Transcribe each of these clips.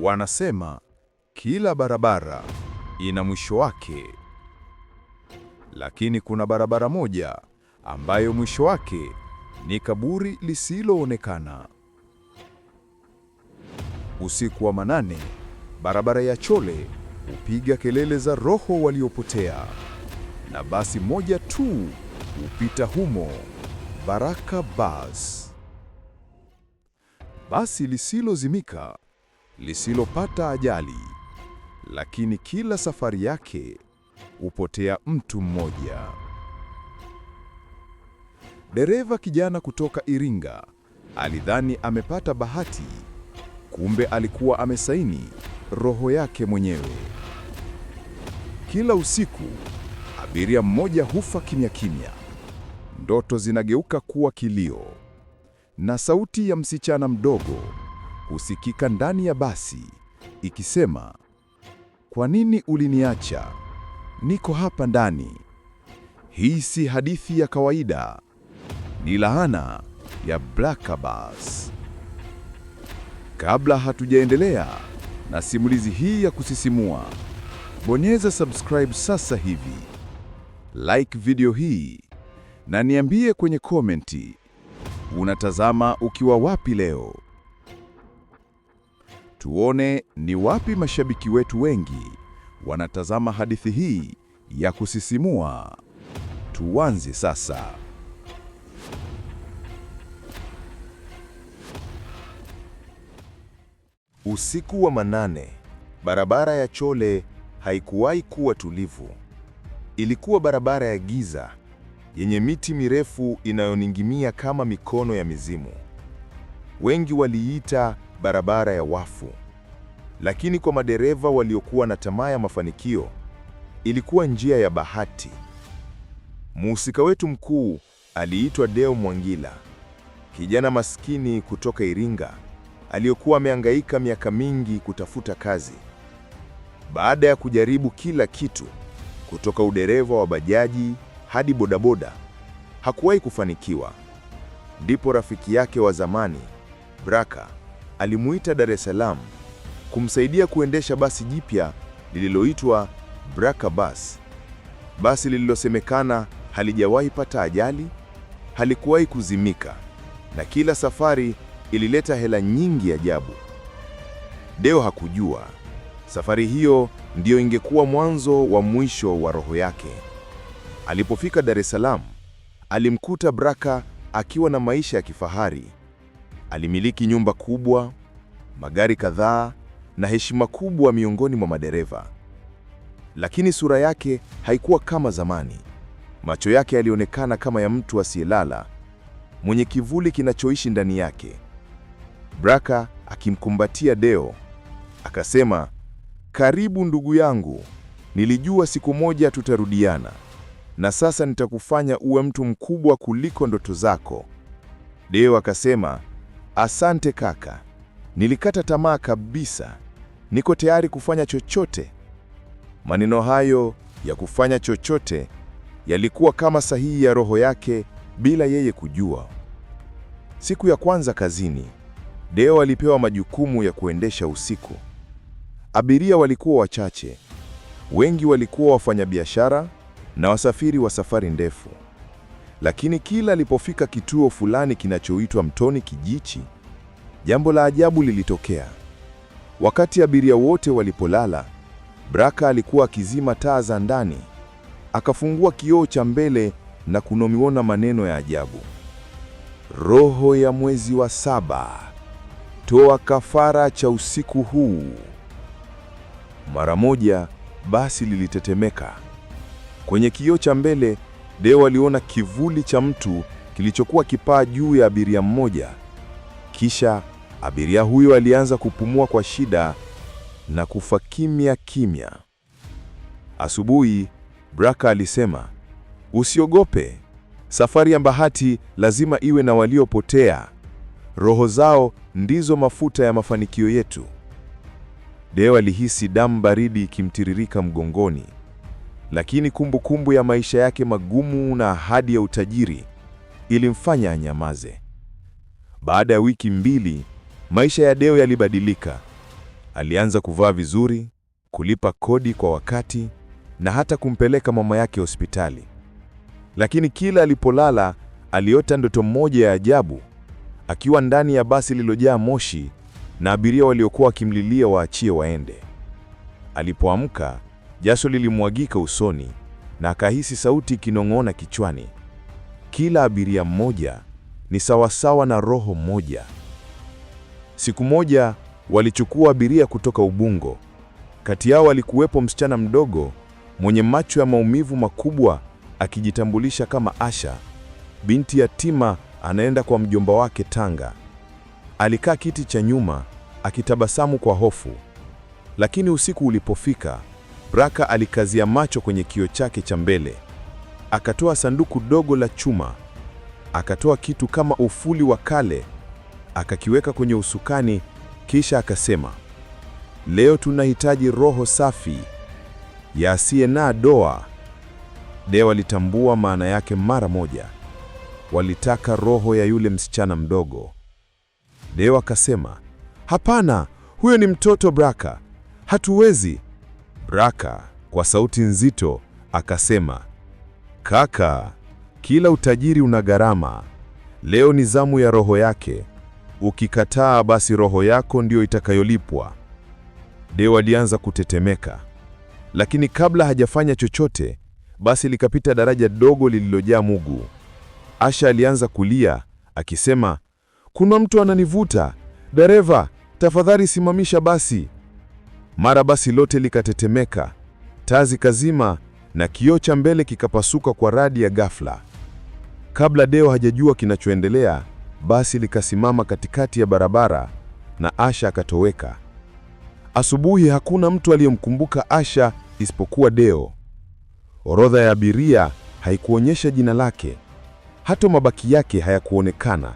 Wanasema kila barabara ina mwisho wake, lakini kuna barabara moja ambayo mwisho wake ni kaburi lisiloonekana. Usiku wa manane, barabara ya Chole hupiga kelele za roho waliopotea, na basi moja tu hupita humo, Baraka Bus, basi lisilozimika lisilopata ajali, lakini kila safari yake hupotea mtu mmoja. Dereva kijana kutoka Iringa alidhani amepata bahati, kumbe alikuwa amesaini roho yake mwenyewe. Kila usiku abiria mmoja hufa kimya kimya, ndoto zinageuka kuwa kilio, na sauti ya msichana mdogo husikika ndani ya basi ikisema, kwa nini uliniacha? Niko hapa ndani. Hii si hadithi ya kawaida, ni laana ya Barnabas. Kabla hatujaendelea na simulizi hii ya kusisimua, bonyeza subscribe sasa hivi, like video hii na niambie kwenye komenti unatazama ukiwa wapi leo tuone ni wapi mashabiki wetu wengi wanatazama hadithi hii ya kusisimua. Tuanze sasa. Usiku wa manane, barabara ya Chole haikuwahi kuwa tulivu. Ilikuwa barabara ya giza yenye miti mirefu inayoning'inia kama mikono ya mizimu. Wengi waliita barabara ya wafu, lakini kwa madereva waliokuwa na tamaa ya mafanikio, ilikuwa njia ya bahati. Mhusika wetu mkuu aliitwa Deo Mwangila, kijana maskini kutoka Iringa aliyokuwa ameangaika miaka mingi kutafuta kazi. Baada ya kujaribu kila kitu, kutoka udereva wa bajaji hadi bodaboda, hakuwahi kufanikiwa. Ndipo rafiki yake wa zamani Braka alimuita Dar es Salaam kumsaidia kuendesha basi jipya lililoitwa Braka Bus, basi lililosemekana halijawahi pata ajali, halikuwahi kuzimika, na kila safari ilileta hela nyingi ajabu. Deo hakujua safari hiyo ndiyo ingekuwa mwanzo wa mwisho wa roho yake. Alipofika Dar es Salaam, alimkuta Braka akiwa na maisha ya kifahari. Alimiliki nyumba kubwa, magari kadhaa na heshima kubwa miongoni mwa madereva. Lakini sura yake haikuwa kama zamani. Macho yake yalionekana kama ya mtu asiyelala, mwenye kivuli kinachoishi ndani yake. Braka akimkumbatia Deo akasema, karibu ndugu yangu, nilijua siku moja tutarudiana, na sasa nitakufanya uwe mtu mkubwa kuliko ndoto zako. Deo akasema Asante kaka, nilikata tamaa kabisa, niko tayari kufanya chochote. Maneno hayo ya kufanya chochote yalikuwa kama sahihi ya roho yake bila yeye kujua. Siku ya kwanza kazini, Deo alipewa majukumu ya kuendesha usiku. Abiria walikuwa wachache, wengi walikuwa wafanyabiashara na wasafiri wa safari ndefu. Lakini kila alipofika kituo fulani kinachoitwa Mtoni Kijichi, jambo la ajabu lilitokea. Wakati abiria wote walipolala, Braka alikuwa akizima taa za ndani, akafungua kioo cha mbele na kunomiona maneno ya ajabu: roho ya mwezi wa saba, toa kafara cha usiku huu. Mara moja basi lilitetemeka. Kwenye kioo cha mbele Deo aliona kivuli cha mtu kilichokuwa kipaa juu ya abiria mmoja. Kisha abiria huyo alianza kupumua kwa shida na kufa kimya kimya. Asubuhi Braka alisema, usiogope, safari ya bahati lazima iwe na waliopotea. Roho zao ndizo mafuta ya mafanikio yetu. Deo alihisi damu baridi ikimtiririka mgongoni lakini kumbukumbu kumbu ya maisha yake magumu na ahadi ya utajiri ilimfanya anyamaze. Baada ya wiki mbili, maisha ya Deo yalibadilika. Alianza kuvaa vizuri, kulipa kodi kwa wakati na hata kumpeleka mama yake hospitali. Lakini kila alipolala aliota ndoto moja ya ajabu, akiwa ndani ya basi lililojaa moshi na abiria waliokuwa wakimlilia waachie waende. Alipoamka Jasho lilimwagika usoni na akahisi sauti ikinong'ona kichwani. Kila abiria mmoja ni sawasawa na roho moja. Siku moja walichukua abiria kutoka Ubungo. Kati yao alikuwepo msichana mdogo mwenye macho ya maumivu makubwa, akijitambulisha kama Asha, binti yatima anaenda kwa mjomba wake Tanga. Alikaa kiti cha nyuma akitabasamu kwa hofu, lakini usiku ulipofika Raka alikazia macho kwenye kio chake cha mbele. Akatoa sanduku dogo la chuma, akatoa kitu kama ufuli wa kale, akakiweka kwenye usukani, kisha akasema, leo tunahitaji roho safi ya asiye na doa. Deo alitambua maana yake mara moja. Walitaka roho ya yule msichana mdogo. Deo akasema, hapana, huyo ni mtoto Braka, hatuwezi Raka kwa sauti nzito akasema, kaka, kila utajiri una gharama. Leo ni zamu ya roho yake. Ukikataa, basi roho yako ndiyo itakayolipwa. Deo alianza kutetemeka, lakini kabla hajafanya chochote, basi likapita daraja dogo lililojaa mugu. Asha alianza kulia akisema, kuna mtu ananivuta, dereva tafadhali simamisha basi. Mara basi lote likatetemeka, taa zikazima na kioo cha mbele kikapasuka kwa radi ya ghafla. Kabla Deo hajajua kinachoendelea, basi likasimama katikati ya barabara na Asha akatoweka. Asubuhi hakuna mtu aliyemkumbuka Asha isipokuwa Deo. Orodha ya abiria haikuonyesha jina lake, hata mabaki yake hayakuonekana.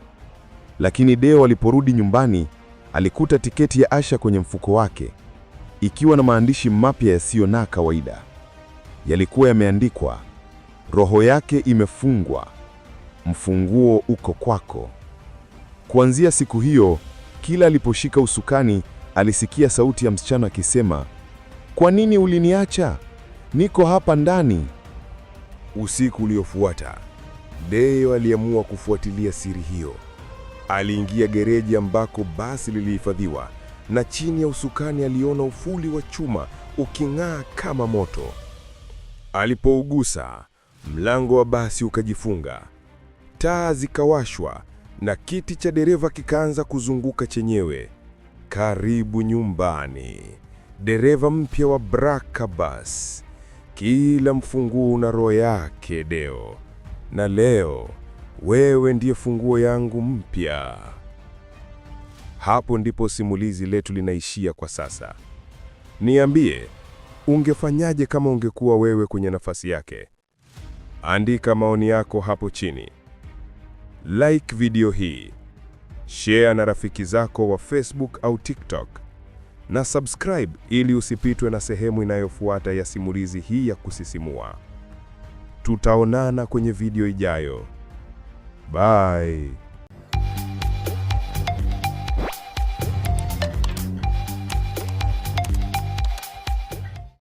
Lakini Deo aliporudi nyumbani, alikuta tiketi ya Asha kwenye mfuko wake ikiwa na maandishi mapya yasiyo na kawaida. Yalikuwa yameandikwa, roho yake imefungwa, mfunguo uko kwako. Kuanzia siku hiyo, kila aliposhika usukani, alisikia sauti ya msichana akisema, kwa nini uliniacha? Niko hapa ndani. Usiku uliofuata, deyo aliamua kufuatilia siri hiyo. Aliingia gereji ambako basi lilihifadhiwa na chini ya usukani aliona ufuli wa chuma uking'aa kama moto. Alipougusa, mlango wa basi ukajifunga, taa zikawashwa na kiti cha dereva kikaanza kuzunguka chenyewe. Karibu nyumbani, dereva mpya wa Braka Bus, kila mfunguo una roho yake Deo, na leo wewe ndiye funguo yangu mpya. Hapo ndipo simulizi letu linaishia kwa sasa. Niambie, ungefanyaje kama ungekuwa wewe kwenye nafasi yake? Andika maoni yako hapo chini. Like video hii, share na rafiki zako wa Facebook au TikTok, na subscribe ili usipitwe na sehemu inayofuata ya simulizi hii ya kusisimua. Tutaonana kwenye video ijayo. Bye.